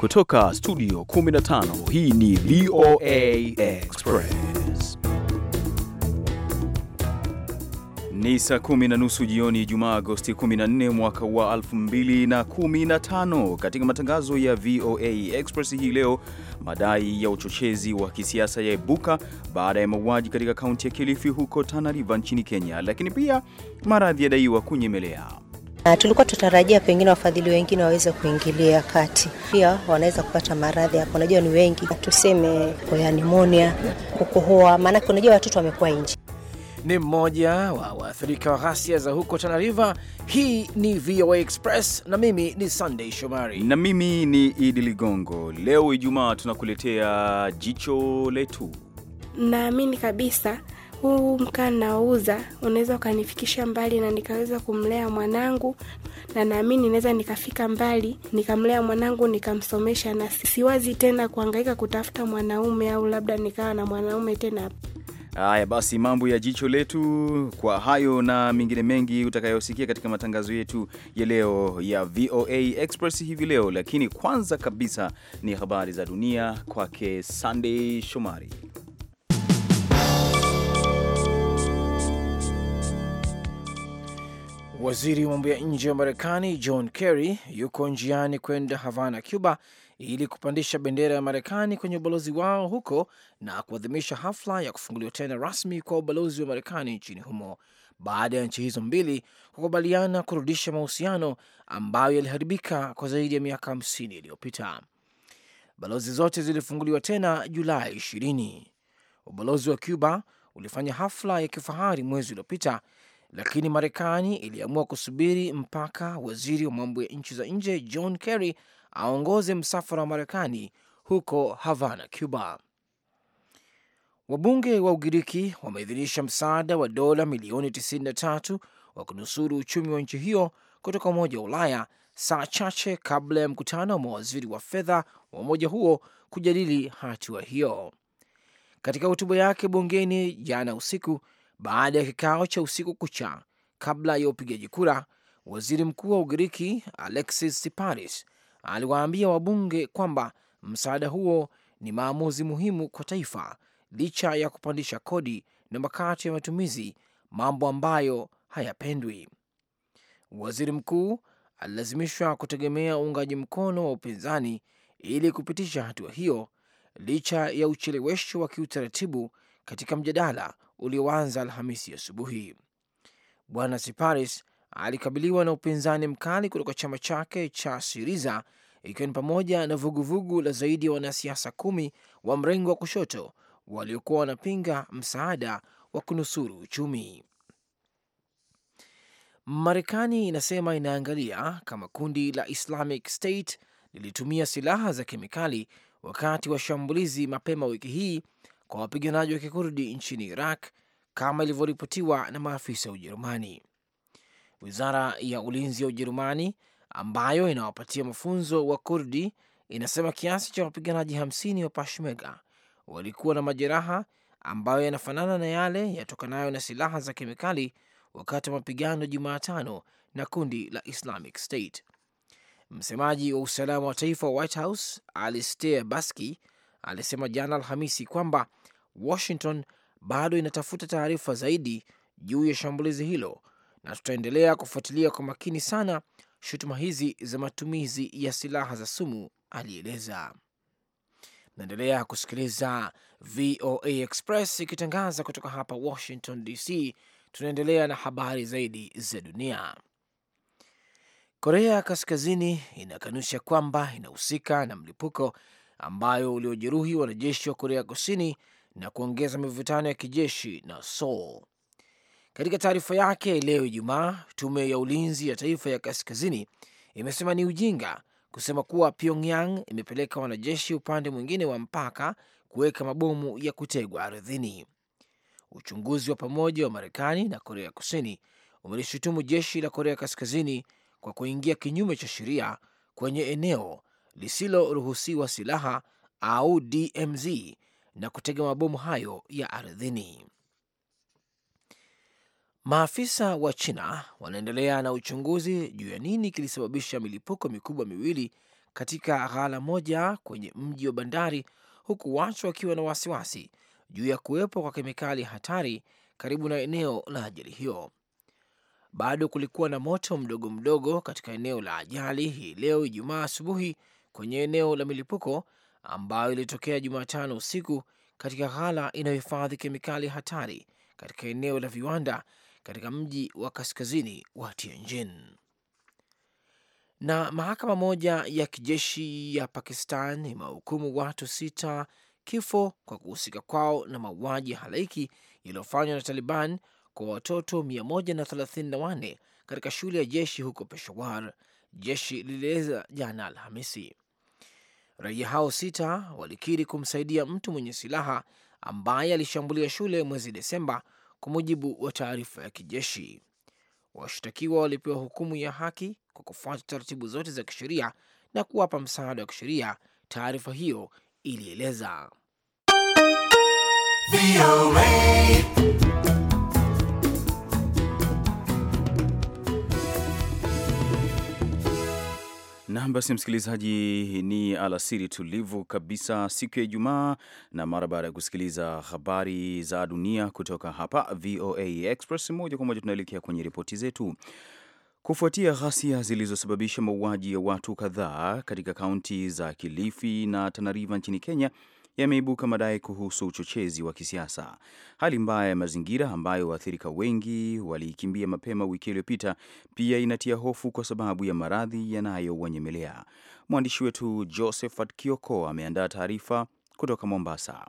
Kutoka studio 15 hii ni VOA Express. Ni saa kumi na nusu jioni Jumaa Agosti 14 mwaka wa 2015. Katika matangazo ya VOA Express hii leo, madai ya uchochezi wa kisiasa yaibuka baada ya mauaji katika kaunti ya Kilifi huko Tana River nchini Kenya, lakini pia maradhi yadaiwa kunyemelea na tulikuwa tutarajia pengine wafadhili wengine waweze kuingilia kati, pia wanaweza kupata maradhi hapo. Unajua ni wengi, tuseme ya nimonia, kukohoa, maanake unajua watoto wamekuwa nje. Ni mmoja wa waathirika wa ghasia za huko Tana River. Hii ni VOA Express na mimi ni Sunday Shomari na mimi ni Idi Ligongo. Leo Ijumaa tunakuletea jicho letu. Naamini kabisa huu mkaa nauza unaweza ukanifikisha mbali na nikaweza kumlea mwanangu, na naamini naweza nikafika mbali nikamlea mwanangu nikamsomesha, na siwazi tena kuangaika kutafuta mwanaume au labda nikawa na mwanaume tena. Haya basi, mambo ya jicho letu. Kwa hayo na mengine mengi utakayosikia katika matangazo yetu ya leo ya VOA Express hivi leo, lakini kwanza kabisa ni habari za dunia kwake sandey Shomari. Waziri wa mambo ya nje wa Marekani John Kerry yuko njiani kwenda Havana, Cuba, ili kupandisha bendera ya Marekani kwenye ubalozi wao huko na kuadhimisha hafla ya kufunguliwa tena rasmi kwa ubalozi wa Marekani nchini humo baada ya nchi hizo mbili kukubaliana kurudisha mahusiano ambayo yaliharibika kwa zaidi ya miaka hamsini iliyopita. Balozi zote zilifunguliwa tena Julai ishirini. Ubalozi wa Cuba ulifanya hafla ya kifahari mwezi uliopita lakini Marekani iliamua kusubiri mpaka waziri wa mambo ya nchi za nje John Kerry aongoze msafara wa Marekani huko Havana, Cuba. Wabunge wa Ugiriki wameidhinisha msaada wa dola milioni 93 wa kunusuru uchumi wa nchi hiyo kutoka Umoja wa Ulaya saa chache kabla ya mkutano wa mawaziri wa fedha wa umoja huo kujadili hatua hiyo. Katika hotuba yake bungeni jana usiku, baada ya kikao cha usiku kucha kabla ya upigaji kura. Waziri mkuu wa Ugiriki Alexis Siparis aliwaambia wabunge kwamba msaada huo ni maamuzi muhimu kwa taifa licha ya kupandisha kodi na makato ya matumizi, mambo ambayo hayapendwi. Waziri mkuu alilazimishwa kutegemea uungaji mkono wa upinzani ili kupitisha hatua hiyo licha ya uchelewesho wa kiutaratibu katika mjadala ulioanza Alhamisi asubuhi. Bwana Siparis alikabiliwa na upinzani mkali kutoka chama chake cha Siriza, ikiwa ni pamoja na vuguvugu la zaidi ya wanasiasa kumi wa mrengo wa kushoto waliokuwa wanapinga msaada wa kunusuru uchumi. Marekani inasema inaangalia kama kundi la Islamic State lilitumia silaha za kemikali wakati wa shambulizi mapema wiki hii kwa wapiganaji wa kikurdi nchini Iraq kama ilivyoripotiwa na maafisa wa Ujerumani. Wizara ya ulinzi ya Ujerumani ambayo inawapatia mafunzo wa Kurdi inasema kiasi cha wapiganaji hamsini wa Peshmerga walikuwa na majeraha ambayo yanafanana na yale yatokanayo na silaha za kemikali wakati wa mapigano Jumatano na kundi la Islamic State. Msemaji wa usalama wa taifa wa White House Alistair Baski alisema jana Alhamisi kwamba Washington bado inatafuta taarifa zaidi juu ya shambulizi hilo na tutaendelea kufuatilia kwa makini sana shutuma hizi za matumizi ya silaha za sumu, alieleza. Naendelea kusikiliza VOA Express ikitangaza kutoka hapa Washington DC. Tunaendelea na habari zaidi za dunia. Korea Kaskazini inakanusha kwamba inahusika na mlipuko ambayo uliojeruhi wanajeshi wa Korea Kusini na kuongeza mivutano ya kijeshi na Seoul. Katika taarifa yake leo Ijumaa, tume ya ulinzi ya taifa ya kaskazini imesema ni ujinga kusema kuwa Pyongyang imepeleka wanajeshi upande mwingine wa mpaka kuweka mabomu ya kutegwa ardhini. Uchunguzi wa pamoja wa Marekani na Korea Kusini umelishutumu jeshi la Korea Kaskazini kwa kuingia kinyume cha sheria kwenye eneo lisiloruhusiwa silaha au DMZ na kutega mabomu hayo ya ardhini. Maafisa wa China wanaendelea na uchunguzi juu ya nini kilisababisha milipuko mikubwa miwili katika ghala moja kwenye mji wa bandari, huku watu wakiwa na wasiwasi juu ya kuwepo kwa kemikali hatari karibu na eneo la ajali hiyo. Bado kulikuwa na moto mdogo mdogo katika eneo la ajali hii leo Ijumaa asubuhi kwenye eneo la milipuko ambayo ilitokea Jumatano usiku katika ghala inayohifadhi kemikali hatari katika eneo la viwanda katika mji wa kaskazini wa Tianjin. Na mahakama moja ya kijeshi ya Pakistan imewahukumu watu sita kifo kwa kuhusika kwao na mauaji halaiki yaliyofanywa na Taliban kwa watoto 134 katika shule ya jeshi huko Peshawar, jeshi lilieleza jana Alhamisi. Raia hao sita walikiri kumsaidia mtu mwenye silaha ambaye alishambulia shule mwezi Desemba, kwa mujibu wa taarifa ya kijeshi. Washtakiwa walipewa hukumu ya haki kwa kufuata taratibu zote za kisheria na kuwapa msaada wa kisheria, taarifa hiyo ilieleza. Nam, basi msikilizaji, ni alasiri tulivu kabisa siku ya Ijumaa, na mara baada ya kusikiliza habari za dunia kutoka hapa VOA Express, moja kwa moja tunaelekea kwenye ripoti zetu. Kufuatia ghasia zilizosababisha mauaji ya watu kadhaa katika kaunti za Kilifi na Tanariva nchini Kenya, yameibuka madai kuhusu uchochezi wa kisiasa. Hali mbaya ya mazingira ambayo waathirika wengi waliikimbia mapema wiki iliyopita pia inatia hofu kwa sababu ya maradhi yanayowanyemelea. Mwandishi wetu Josephat Kioko ameandaa taarifa kutoka Mombasa.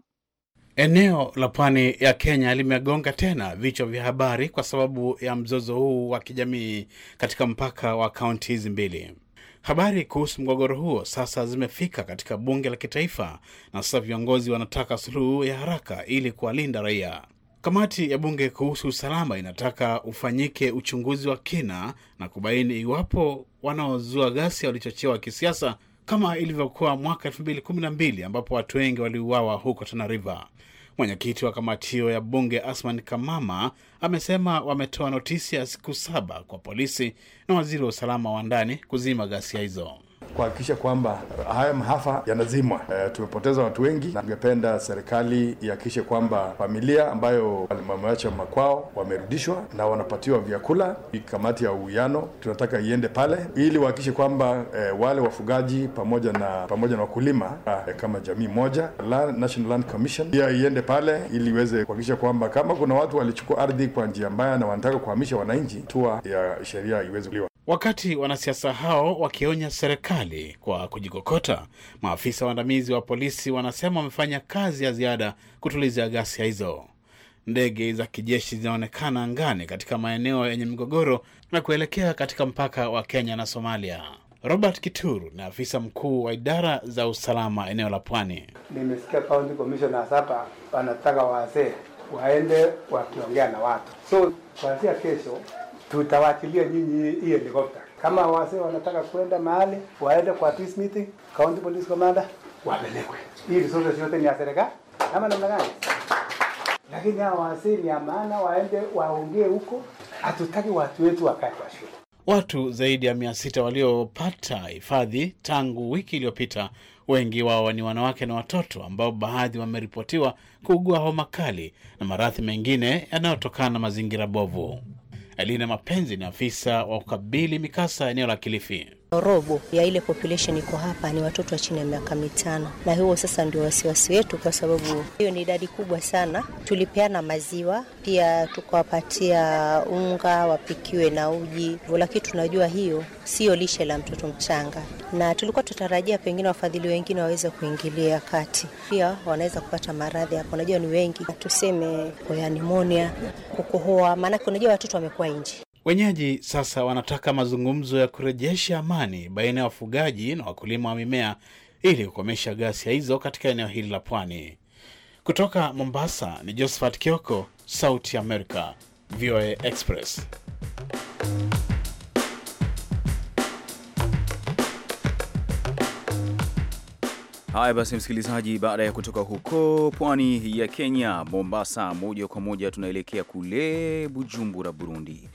Eneo la pwani ya Kenya limegonga tena vichwa vya habari kwa sababu ya mzozo huu wa kijamii katika mpaka wa kaunti hizi mbili. Habari kuhusu mgogoro huo sasa zimefika katika bunge la kitaifa, na sasa viongozi wanataka suluhu ya haraka ili kuwalinda raia. Kamati ya bunge kuhusu usalama inataka ufanyike uchunguzi wa kina na kubaini iwapo wanaozua ghasia walichochewa kisiasa kama ilivyokuwa mwaka elfu mbili kumi na mbili ambapo watu wengi waliuawa huko Tana River. Mwenyekiti wa kamati hiyo ya bunge Asman Kamama amesema wametoa notisi ya siku saba kwa polisi na waziri wa usalama wa ndani kuzima ghasia hizo kuhakikisha kwamba haya maafa yanazimwa. E, tumepoteza watu wengi, na tungependa serikali ihakikishe kwamba familia ambayo wamewacha makwao wamerudishwa na wanapatiwa vyakula. Kamati ya uwiano tunataka iende pale ili wahakikishe kwamba e, wale wafugaji pamoja na pamoja na wakulima e, kama jamii moja. National Land Commission pia iende pale ili iweze kuhakikisha kwamba kama kuna watu walichukua ardhi kwa njia mbaya na wanataka kuhamisha wananchi, hatua ya sheria iweze kuliwa. Wakati wanasiasa hao wakionya serikali kwa kujikokota, maafisa waandamizi wa polisi wanasema wamefanya kazi ya ziada kutuliza ghasia hizo. Ndege za kijeshi zinaonekana angani katika maeneo yenye migogoro na kuelekea katika mpaka wa Kenya na Somalia. Robert Kituru ni afisa mkuu wa idara za usalama eneo la Pwani. Nimesikia county commissioners hapa wanataka wazee waende wakiongea na watu, so kuanzia kesho tutawachilia nyinyi hii helikopta. Kama wase wanataka kwenda mahali waende kwa peace meeting, county police commander wapelekwe. Hii resources yote ni ya serikali ama namna gani? Lakini hawa wase ni amana, waende waongee huko. Hatutaki watu wetu wakae kwa shule. Watu zaidi ya mia sita waliopata hifadhi tangu wiki iliyopita, wengi wao ni wanawake na watoto, ambao baadhi wameripotiwa kuugua homa kali na maradhi mengine yanayotokana na mazingira bovu. Lina Mapenzi ni afisa wa kukabili mikasa eneo la Kilifi. Robo ya ile population iko hapa ni watoto wa chini ya miaka mitano, na huo sasa ndio wasiwasi wetu, kwa sababu hiyo ni idadi kubwa sana. Tulipeana maziwa pia, tukawapatia unga wapikiwe na uji, lakini tunajua hiyo sio lishe la mtoto mchanga, na tulikuwa tutarajia pengine wafadhili wengine waweze kuingilia kati, pia wanaweza kupata maradhi hapo. Unajua ni wengi, tuseme kwa nimonia, kukohoa, maanake unajua watoto wamekuwa nje. Wenyeji sasa wanataka mazungumzo ya kurejesha amani baina ya wafugaji na wakulima wa mimea ili kukomesha ghasia hizo katika eneo hili la pwani. Kutoka Mombasa ni Josephat Kioko, Sauti America, VOA Express. Haya basi, msikilizaji, baada ya kutoka huko pwani ya Kenya, Mombasa, moja kwa moja tunaelekea kule Bujumbura, Burundi.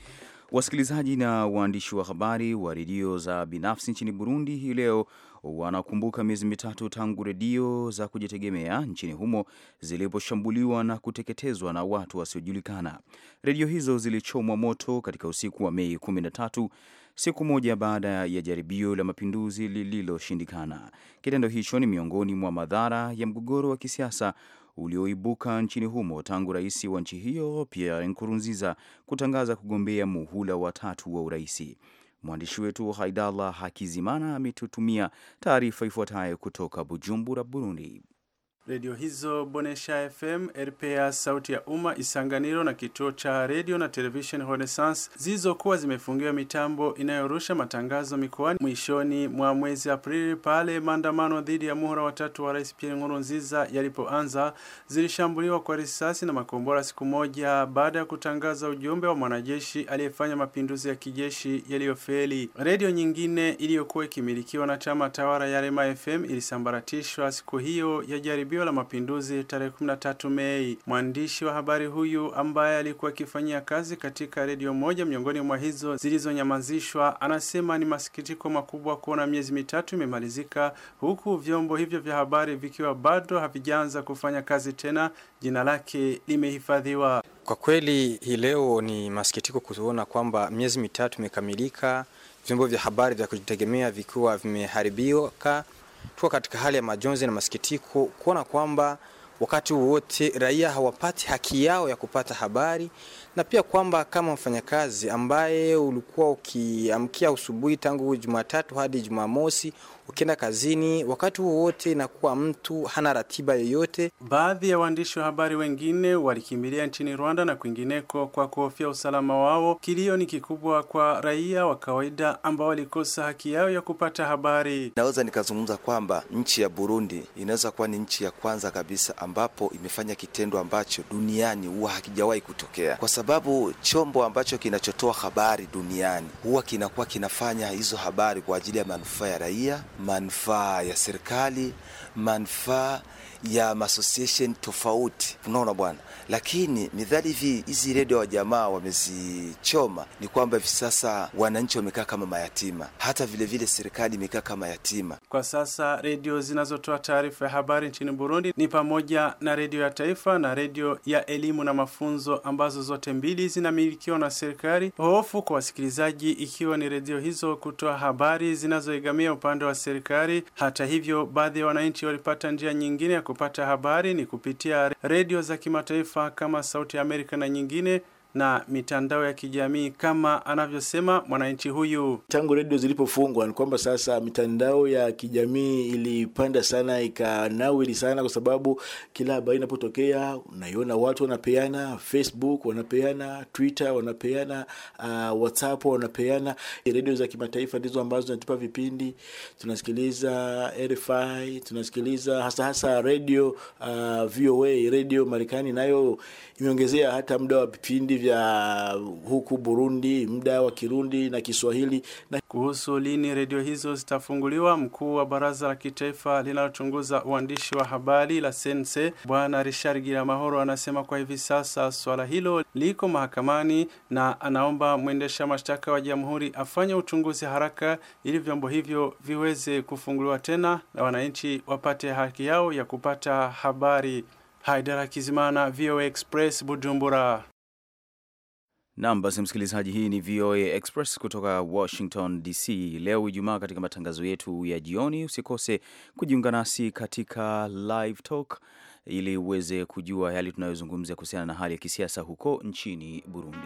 Wasikilizaji na waandishi wa habari wa redio za binafsi nchini Burundi hii leo wanakumbuka miezi mitatu tangu redio za kujitegemea nchini humo ziliposhambuliwa na kuteketezwa na watu wasiojulikana. Redio hizo zilichomwa moto katika usiku wa Mei 13 siku moja baada ya jaribio la mapinduzi lililoshindikana. Kitendo hicho ni miongoni mwa madhara ya mgogoro wa kisiasa ulioibuka nchini humo tangu rais wa nchi hiyo Pierre Nkurunziza kutangaza kugombea muhula wa tatu wa uraisi. Mwandishi wetu Haidallah Hakizimana ametutumia taarifa ifuatayo kutoka Bujumbura, Burundi redio hizo Bonesha FM, RPA, Sauti ya Umma, Isanganiro na kituo cha redio na television Renaissance zilizokuwa zimefungiwa mitambo inayorusha matangazo mikoani mwishoni mwa mwezi Aprili pale maandamano dhidi ya muhula watatu wa Rais Pierre Nkurunziza yalipoanza, zilishambuliwa kwa risasi na makombora siku moja baada ya kutangaza ujumbe wa mwanajeshi aliyefanya mapinduzi ya kijeshi yaliyofeli. Redio nyingine iliyokuwa ikimilikiwa na chama tawala ya Rema FM ilisambaratishwa siku hiyo ya jaribio la mapinduzi tarehe 13 Mei. Mwandishi wa habari huyu ambaye alikuwa akifanyia kazi katika redio moja miongoni mwa hizo zilizonyamazishwa, anasema ni masikitiko makubwa kuona miezi mitatu imemalizika huku vyombo hivyo vya habari vikiwa bado havijaanza kufanya kazi tena, jina lake limehifadhiwa. Kwa kweli hii leo ni masikitiko kuona kwamba miezi mitatu imekamilika, vyombo vya habari vya kujitegemea vikiwa vimeharibika tuko katika hali ya majonzi na masikitiko kuona kwamba wakati wowote raia hawapati haki yao ya kupata habari, na pia kwamba kama mfanyakazi ambaye ulikuwa ukiamkia asubuhi tangu Jumatatu hadi Jumamosi ukienda kazini wakati wowote, na kuwa mtu hana ratiba yoyote. Baadhi ya waandishi wa habari wengine walikimbilia nchini Rwanda na kwingineko kwa kuhofia usalama wao. Kilio ni kikubwa kwa raia wa kawaida ambao walikosa haki yao ya kupata habari. Naweza nikazungumza kwamba nchi ya Burundi inaweza kuwa ni nchi ya kwanza kabisa ambapo imefanya kitendo ambacho duniani huwa hakijawahi kutokea, kwa sababu chombo ambacho kinachotoa habari duniani huwa kinakuwa kinafanya hizo habari kwa ajili ya manufaa ya raia manufaa ya serikali, manufaa ya association tofauti, unaona bwana. Lakini midhali hivi hizi redio wa jamaa wamezichoma, ni kwamba hivi sasa wananchi wamekaa kama mayatima, hata vilevile serikali imekaa kama yatima. Kwa sasa redio zinazotoa taarifa ya habari nchini Burundi ni pamoja na redio ya taifa na redio ya elimu na mafunzo, ambazo zote mbili zinamilikiwa na serikali. Hofu kwa wasikilizaji ikiwa ni redio hizo kutoa habari zinazoegamia upande wa serikali. Hata hivyo, baadhi ya wananchi walipata njia nyingine ya kupata habari ni kupitia redio za kimataifa kama Sauti ya Amerika na nyingine na mitandao ya kijamii kama anavyosema mwananchi huyu. Tangu redio zilipofungwa, ni kwamba sasa mitandao ya kijamii ilipanda sana, ikanawili sana, kwa sababu kila habari inapotokea unaiona watu wanapeana, Facebook wanapeana, Twitter wanapeana, uh, WhatsApp wanapeana. Redio za kimataifa ndizo ambazo zinatupa vipindi, tunasikiliza RFI, tunasikiliza hasa hasa redio uh, VOA redio Marekani nayo imeongezea hata muda wa vipindi vya huku Burundi, muda wa Kirundi na Kiswahili. Na kuhusu lini redio hizo zitafunguliwa, mkuu wa baraza la kitaifa linalochunguza uandishi wa habari la Sense, Bwana Richard Giramahoro anasema kwa hivi sasa swala hilo liko mahakamani na anaomba mwendesha mashtaka wa jamhuri afanye uchunguzi haraka ili vyombo hivyo viweze kufunguliwa tena na wananchi wapate haki yao ya kupata habari. Haidara Kizimana, VOA Express, Bujumbura. Nam, basi msikilizaji, hii ni VOA Express kutoka Washington DC leo Ijumaa. Katika matangazo yetu ya jioni, usikose kujiunga nasi katika live talk ili uweze kujua yale tunayozungumzia kuhusiana na hali ya kisiasa huko nchini Burundi.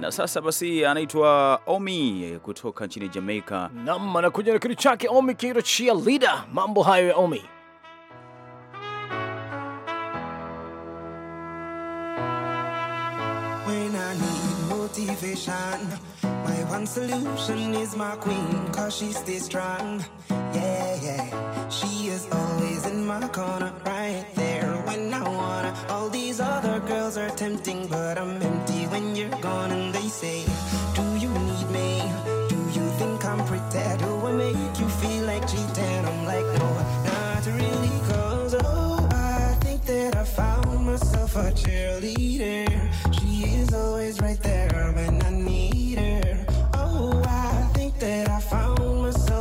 Na sasa basi, anaitwa Omi kutoka nchini Jamaica. Nam anakuja na kitu chake Omi, kiitwa cheerleader. Mambo hayo ya Omi. My one solution is my queen, cause she stays strong. Yeah, yeah. She is always in my corner, right there when I wanna. All these other girls are tempting, but I'm empty when you're gone. And they say, Do you need me? Do you think I'm pretend? Do I make you feel like cheating? I'm like, No, not really, cause oh, I think that I found myself a cheerleader. She is always right there when I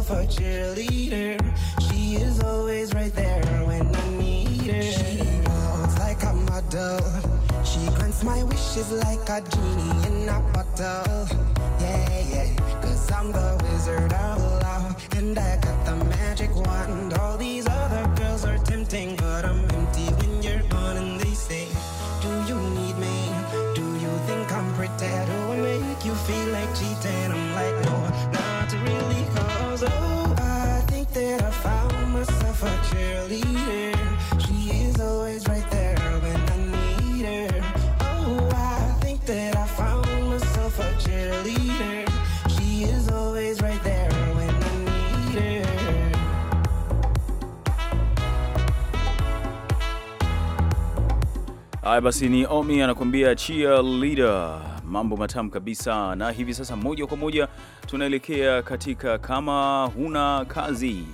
myself a cheerleader. She is always right there when I need her. She moves like a model. She grants my wishes like a genie in a bottle. Yeah, yeah, cause I'm the wizard of love. And I got the magic wand. All these other girls are tempting, but I'm Haya basi, ni Omi anakuambia leader, mambo matamu kabisa. Na hivi sasa moja kwa moja tunaelekea katika kama huna kazi.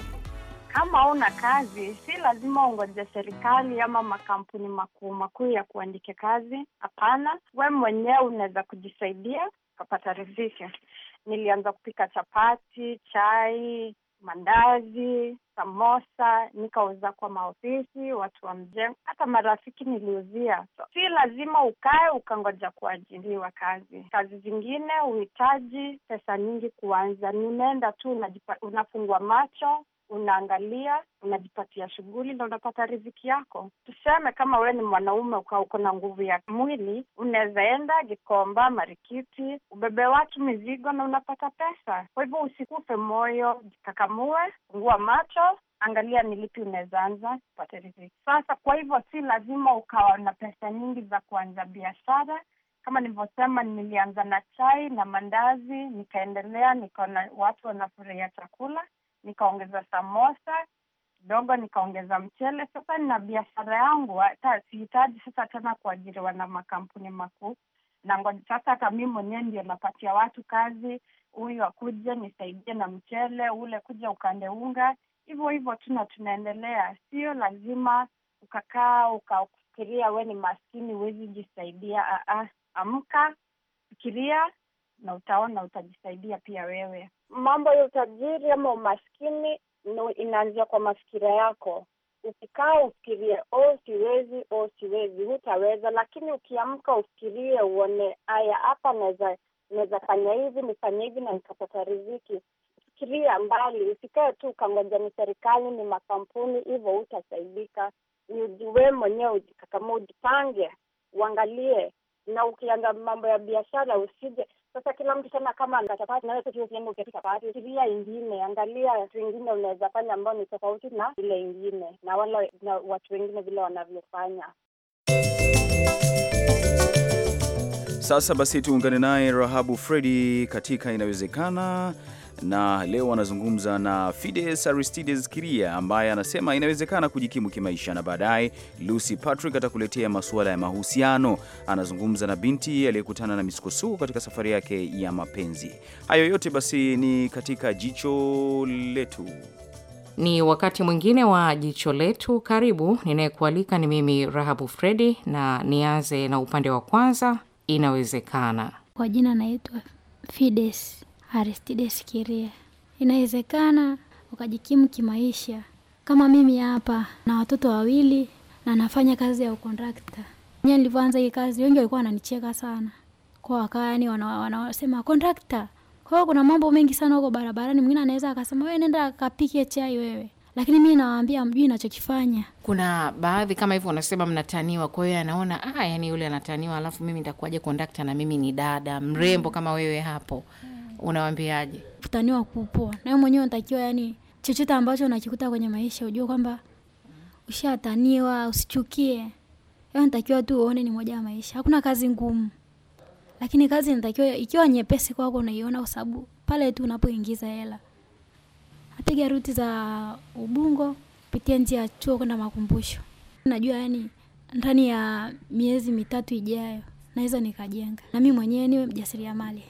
Kama huna kazi, si lazima ungoje serikali ama makampuni makuu makuu ya kuandika kazi. Hapana, we mwenyewe unaweza kujisaidia ukapata riziki. Nilianza kupika chapati, chai, mandazi, samosa, nikauza kwa maofisi, watu wa mjengo, hata marafiki niliuzia. So, si lazima ukae ukangoja kuajiriwa kazi. Kazi zingine huhitaji pesa nyingi kuanza, Nimeenda tu unajipa, unafungwa macho unaangalia, unajipatia shughuli na unapata riziki yako. Tuseme kama wewe ni mwanaume ukawa uko na nguvu ya mwili, unaweza enda Gikomba, Marikiti, ubebe watu mizigo na unapata pesa. Kwa hivyo usikufe moyo, jikakamue, fungua macho, angalia ni lipi unaweza anza upate riziki. Sasa kwa hivyo si lazima ukawa na pesa nyingi za kuanza biashara. Kama nilivyosema, nilianza na chai na mandazi, nikaendelea, nikaona watu wanafurahia chakula, nikaongeza samosa kidogo, nikaongeza mchele. Sasa nina biashara yangu, hata sihitaji sasa tena kuajiriwa na makampuni makuu na ngoja sasa, hata mi mwenyewe ndio napatia watu kazi, huyu akuje nisaidie na mchele ule, kuja ukande unga, hivyo hivyo tuna tunaendelea. Sio lazima ukakaa ukafikiria we ni maskini, huwezi jisaidia. Ah, ah, amka, fikiria na utaona utajisaidia pia wewe. Mambo ya utajiri ama umaskini no, inaanzia kwa mafikira yako. Ukikaa ufikirie oh, siwezi, oh, siwezi, hutaweza. Lakini ukiamka ufikirie, uone aya hapa naweza fanya hivi, nifanye hivi na nikapata riziki. Fikiria mbali, usikae tu ukangoja ni serikali, ni makampuni, hivyo hutasaidika. Ni ujiwe mwenyewe, ujikakama, ujipange, uangalie. Na ukianza mambo ya biashara, usije sasa kila mtu tena kama katika party, fikiria ingine, angalia watu wengine unaweza fanya ambao ni tofauti na ile ingine, na wale na watu wengine vile wanavyofanya. Sasa basi tuungane naye Rahabu Fredi katika inawezekana na leo anazungumza na Fides Aristides Kiria ambaye anasema inawezekana kujikimu kimaisha, na baadaye Lucy Patrick atakuletea masuala ya mahusiano. Anazungumza na binti aliyekutana na misukosuko katika safari yake ya mapenzi. Hayo yote basi ni katika jicho letu. Ni wakati mwingine wa jicho letu. Karibu, ninayekualika ni mimi Rahabu Fredi, na nianze na upande wa kwanza. Inawezekana. Kwa jina naitwa Fides Aristides Kiria. Inawezekana ukajikimu kimaisha kama mimi hapa na watoto wawili na nafanya kazi ya ukondakta. Mimi nilipoanza hii kazi wengi walikuwa wananicheka sana. Kwa wakawa yani wanasema kondakta. Kwa hiyo kuna mambo mengi sana huko barabarani, mwingine anaweza akasema wewe nenda kapike chai wewe. Lakini mimi nawaambia mjui ninachokifanya. Kuna baadhi kama hivyo wanasema mnataniwa, kwa hiyo anaona ah, yani yule anataniwa, alafu mimi nitakuwaje kondakta na mimi ni dada mrembo kama wewe hapo unawaambiaje? Kutaniwa kupoa na mwenyewe unatakiwa yani, chochote ambacho unakikuta kwenye maisha ujue kwamba ushataniwa, usichukie. Wewe unatakiwa tu uone ni moja ya maisha. Hakuna kazi ngumu, lakini kazi inatakiwa ikiwa nyepesi kwako unaiona, kwa sababu pale tu unapoingiza hela. Napiga ruti za Ubungo kupitia njia ya chuo kwenda Makumbusho. Najua yani ndani ya miezi mitatu ijayo naweza nikajenga na mimi mwenyewe niwe mjasiriamali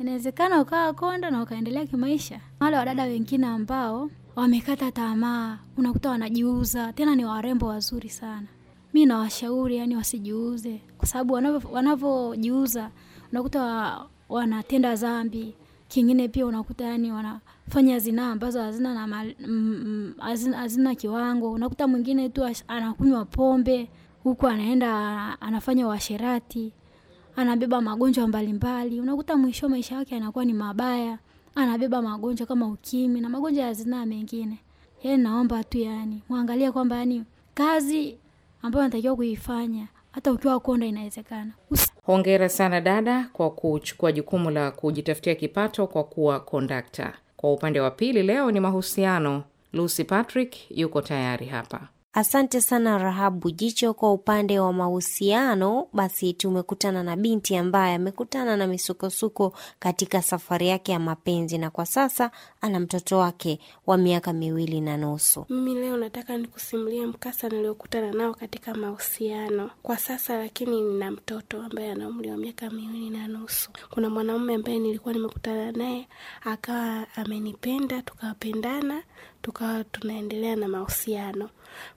inawezekana ukawa konda na ukaendelea kimaisha. Wale wadada wengine ambao wamekata tamaa, unakuta wanajiuza, tena ni warembo wazuri sana. Mi nawashauri yani wasijiuze, kwa sababu wanavyojiuza unakuta wa, wanatenda dhambi. Kingine pia unakuta yani wanafanya zinaa ambazo hazina na hazina, hazina kiwango. Unakuta mwingine tu anakunywa pombe huku anaenda anafanya uasherati anabeba magonjwa mbalimbali. Unakuta mwisho maisha yake anakuwa ni mabaya, anabeba magonjwa kama ukimi na magonjwa ya zinaa mengine. Yani naomba tu yani mwangalie kwamba yani kazi ambayo anatakiwa kuifanya hata ukiwa konda inawezekana. Hongera sana dada kwa kuchukua jukumu la kujitafutia kipato kwa kuwa kondakta. Kwa upande wa pili leo ni mahusiano. Lucy Patrick yuko tayari hapa. Asante sana Rahabu Jicho. Kwa upande wa mahusiano, basi tumekutana na binti ambaye amekutana na misukosuko katika safari yake ya mapenzi, na kwa sasa ana mtoto wake wa miaka miwili na nusu. Mimi leo nataka nikusimulia mkasa niliokutana nao katika mahusiano kwa sasa, lakini nina mtoto ambaye ana umri wa miaka miwili na nusu. Kuna mwanaume ambaye nilikuwa nimekutana naye, akawa amenipenda, tukapendana, tukawa tunaendelea na mahusiano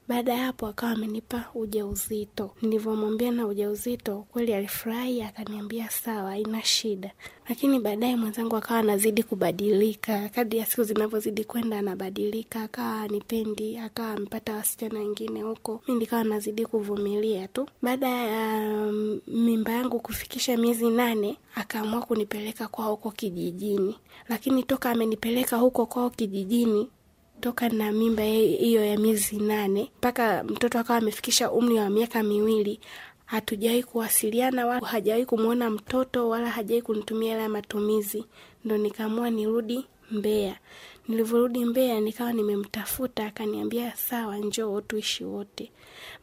baada ya hapo akawa amenipa ujauzito. Nilivyomwambia na ujauzito, kweli alifurahi, akaniambia sawa, haina shida. Lakini baadaye mwenzangu akawa anazidi kubadilika, kadri ya siku zinavyozidi kwenda anabadilika, akawa nipendi, akawa amepata wasichana wengine huko. Mi nikawa nazidi kuvumilia tu. Baada ya um, mimba yangu kufikisha miezi nane, akaamua kunipeleka kwao huko kijijini, lakini toka amenipeleka huko kwao kijijini toka na mimba hiyo ya miezi nane mpaka mtoto akawa amefikisha umri wa miaka miwili hatujawai kuwasiliana wala hajawai kumwona mtoto wala hajawai kunitumia hela ya matumizi, ndo nikaamua nirudi Mbeya. Nilivyorudi Mbeya nikawa nimemtafuta akaniambia sawa, njoo tuishi wote.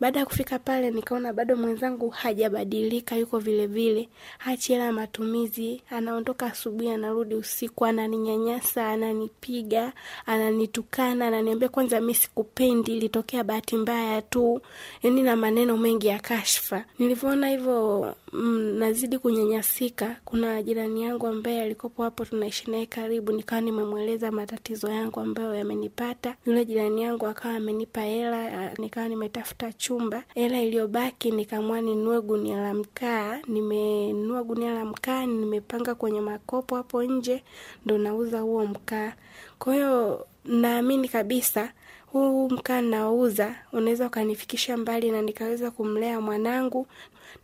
Baada ya kufika pale nikaona bado mwenzangu hajabadilika, yuko vilevile hachi hela matumizi, anaondoka asubuhi anarudi usiku, ananinyanyasa, ananipiga, ananitukana, ananiambia kwanza mi sikupendi, ilitokea bahati mbaya tu, yani na maneno mengi ya kashfa. Nilivyoona hivyo Mm, nazidi kunyanyasika. Kuna jirani yangu ambaye alikopo hapo tunaishi naye karibu, nikawa nimemweleza matatizo yangu ambayo yamenipata. Yule jirani yangu akawa amenipa hela, nikawa nimetafuta chumba. Hela iliyobaki nikamwa ninue gunia la mkaa. nimenua gunia la mkaa, nimepanga kwenye makopo hapo nje, ndo nauza huo mkaa. Kwa hiyo naamini kabisa huu mkaa nauza unaweza ukanifikisha mbali na nikaweza kumlea mwanangu,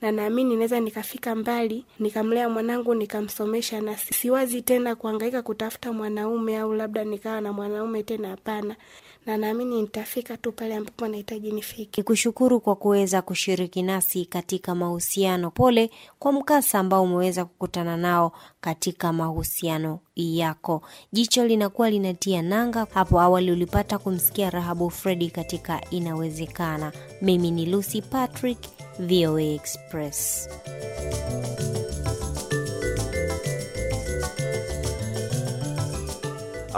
na naamini naweza nikafika mbali nikamlea mwanangu nikamsomesha, na siwazi tena kuangaika kutafuta mwanaume au labda nikawa na mwanaume tena. Hapana, na naamini nitafika tu pale ambapo nahitaji nifike. Nikushukuru kwa kuweza kushiriki nasi katika mahusiano. Pole kwa mkasa ambao umeweza kukutana nao katika mahusiano yako. Jicho linakuwa linatia nanga. Hapo awali ulipata kumsikia Rahabu Fredi katika Inawezekana. Mimi ni Lucy Patrick, VOA Express.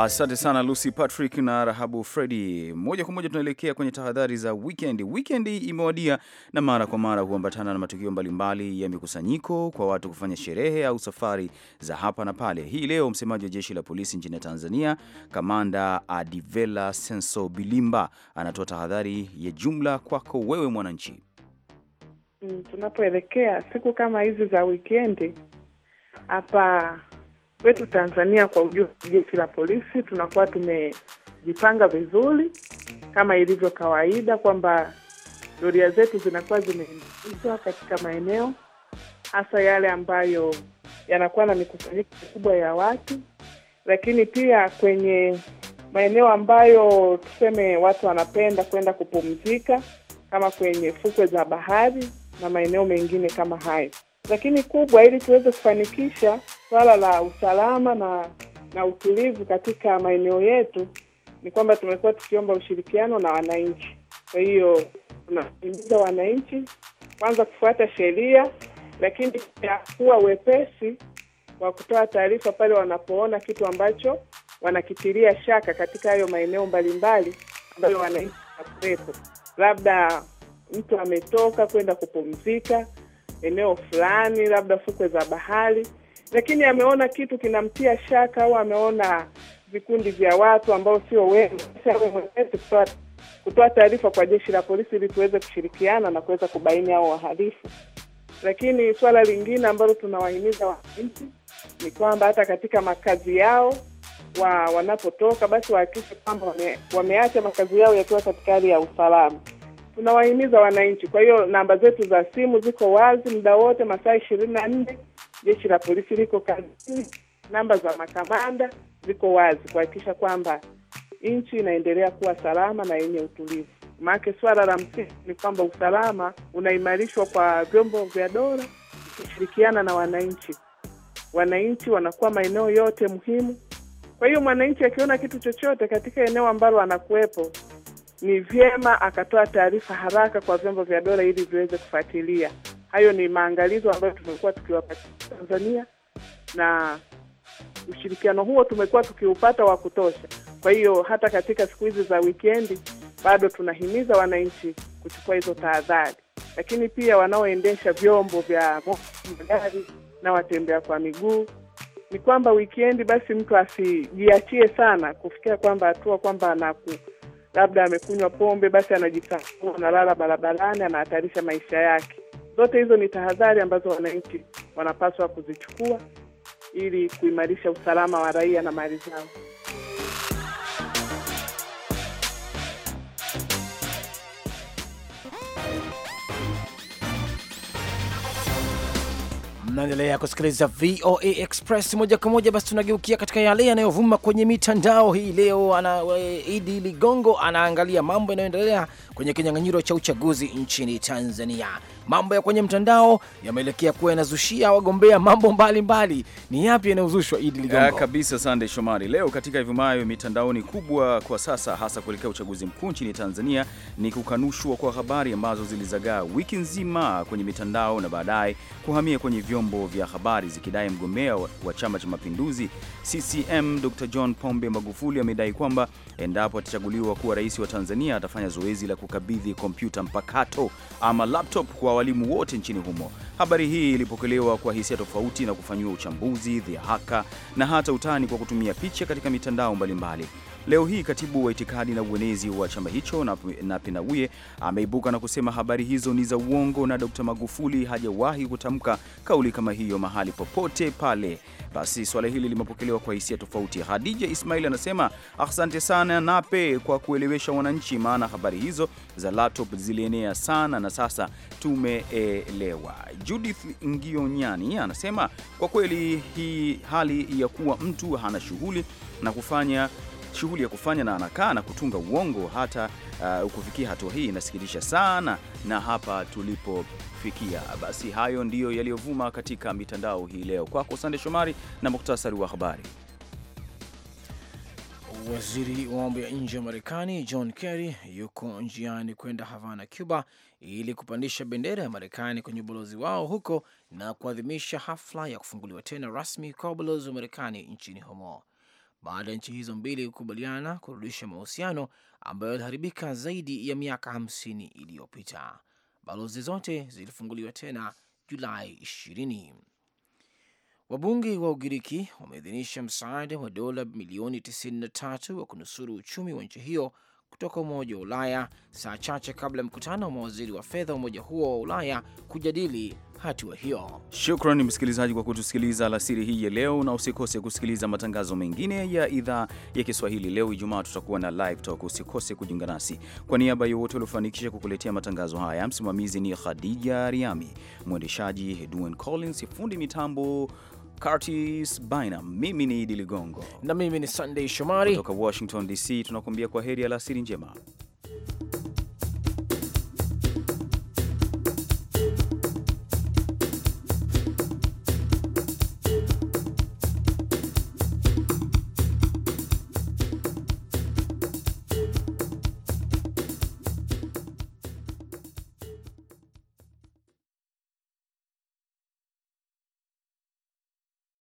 Asante sana Lucy Patrick na Rahabu Fredi. Moja kwa moja tunaelekea kwenye tahadhari za wikendi. Wikendi imewadia na mara kwa mara huambatana na matukio mbalimbali ya mikusanyiko kwa watu kufanya sherehe au safari za hapa na pale. Hii leo msemaji wa jeshi la polisi nchini Tanzania, Kamanda Adivela Senso Bilimba, anatoa tahadhari ya jumla kwako wewe mwananchi. Mm, tunapoelekea siku kama hizi za wikendi hapa kwetu Tanzania kwa ujumla, jeshi la polisi tunakuwa tumejipanga vizuri kama ilivyo kawaida kwamba doria zetu zinakuwa zimeingizwa katika maeneo hasa yale ambayo yanakuwa na mikusanyiko mikubwa ya watu, lakini pia kwenye maeneo ambayo tuseme watu wanapenda kwenda kupumzika kama kwenye fukwe za bahari na maeneo mengine kama hayo. Lakini kubwa, ili tuweze kufanikisha swala la usalama na na utulivu katika maeneo yetu ni kwamba tumekuwa tukiomba ushirikiano na wananchi. Kwa hiyo tunahimiza wananchi kwanza kufuata sheria, lakini pia kuwa wepesi wa kutoa taarifa pale wanapoona kitu ambacho wanakitilia shaka katika hayo maeneo mbalimbali ambayo wananchi wakuwepo, labda mtu ametoka kwenda kupumzika eneo fulani, labda fukwe za bahari lakini ameona kitu kinamtia shaka au ameona vikundi vya watu ambao sio wengi kutoa taarifa kwa jeshi la polisi ili tuweze kushirikiana na kuweza kubaini hao wahalifu. Lakini swala lingine ambalo tunawahimiza wananchi ni kwamba hata katika makazi yao wa wanapotoka basi wahakikishe kwamba wame, wameacha makazi yao yakiwa katika hali ya usalama. Tunawahimiza wananchi. Kwa hiyo namba zetu za simu ziko wazi muda wote, masaa ishirini na nne jeshi la polisi liko kazini, namba za makamanda ziko wazi kuhakikisha kwamba nchi inaendelea kuwa salama na yenye utulivu. Maanake swala la msingi ni kwamba usalama unaimarishwa kwa vyombo vya dola kushirikiana na wananchi. Wananchi wanakuwa maeneo yote muhimu. Kwa hiyo mwananchi akiona kitu chochote katika eneo ambalo anakuwepo, ni vyema akatoa taarifa haraka kwa vyombo vya dola ili viweze kufuatilia. Hayo ni maangalizo ambayo tumekuwa tukiwapatia Tanzania na ushirikiano huo tumekuwa tukiupata wa kutosha. Kwa hiyo hata katika siku hizi za wikendi bado tunahimiza wananchi kuchukua hizo tahadhari, lakini pia wanaoendesha vyombo vya magari na watembea kwa miguu ni kwamba wikendi basi mtu asijiachie sana kufikia kwamba hatua kwamba anaku labda amekunywa pombe basi anajisahau analala barabarani, anahatarisha maisha yake. Zote hizo ni tahadhari ambazo wananchi wanapaswa kuzichukua ili kuimarisha usalama wa raia na mali zao. Naendelea kusikiliza VOA Express moja kwa moja. Basi tunageukia katika yale yanayovuma kwenye mitandao hii leo. Ana Idi Ligongo anaangalia mambo yanayoendelea kwenye kinyang'anyiro cha uchaguzi nchini Tanzania mambo ya kwenye mtandao yameelekea kuwa yanazushia wagombea mambo mbalimbali mbali. Ni yapi yanayozushwa Idi Ligongo? Kabisa, Sande Shomari. Leo katika vimayo mitandaoni kubwa kwa sasa, hasa kuelekea uchaguzi mkuu nchini Tanzania, ni kukanushwa kwa habari ambazo zilizagaa wiki nzima kwenye mitandao na baadaye kuhamia kwenye vyombo vya habari zikidai mgombea wa Chama cha Mapinduzi CCM Dr. John Pombe Magufuli amedai kwamba endapo atachaguliwa kuwa rais wa Tanzania atafanya zoezi la kukabidhi kompyuta mpakato ama laptop kwa walimu wote nchini humo. Habari hii ilipokelewa kwa hisia tofauti na kufanyiwa uchambuzi, dhihaka na hata utani kwa kutumia picha katika mitandao mbalimbali mbali. Leo hii katibu wa itikadi na uenezi wa chama hicho Nape Nnauye ameibuka na kusema habari hizo ni za uongo na Dkt. Magufuli hajawahi kutamka kauli kama hiyo mahali popote pale. Basi swala hili limepokelewa kwa hisia tofauti. Hadija Ismail anasema asante sana Nape kwa kuelewesha wananchi, maana habari hizo za laptop zilienea sana na sasa tumeelewa. Judith Ngionyani anasema kwa kweli hii hali ya kuwa mtu hana shughuli na kufanya shughuli ya kufanya na anakaa na kutunga uongo hata uh, kufikia hatua hii inasikitisha sana, na hapa tulipofikia. Basi hayo ndiyo yaliyovuma katika mitandao hii leo. Kwako Sande Shomari na muktasari wa habari. Waziri wa mambo ya nje wa Marekani John Kerry yuko njiani kwenda Havana, Cuba, ili kupandisha bendera ya Marekani kwenye ubalozi wao huko na kuadhimisha hafla ya kufunguliwa tena rasmi kwa ubalozi wa Marekani nchini humo baada ya nchi hizo mbili kukubaliana kurudisha mahusiano ambayo yaliharibika zaidi ya miaka hamsini iliyopita. Balozi zote zilifunguliwa tena Julai 20. Wabunge wa Ugiriki wameidhinisha msaada wa dola milioni 93 wa kunusuru uchumi wa nchi hiyo kutoka Umoja wa Ulaya saa chache kabla ya mkutano wa mawaziri wa fedha wa umoja huo wa Ulaya kujadili hatua hiyo. Shukrani msikilizaji kwa kutusikiliza alasiri hii ya leo, na usikose kusikiliza matangazo mengine ya idhaa ya Kiswahili. Leo Ijumaa tutakuwa na live talk, usikose kujiunga nasi. Kwa niaba ya wote waliofanikisha kukuletea matangazo haya, msimamizi ni Khadija Riami, mwendeshaji Edwin Collins, fundi mitambo Curtis Bynum. Mimi ni Idi Ligongo na mimi ni Sunday Shomari kutoka Washington DC, tunakuambia kwa heri, alasiri njema.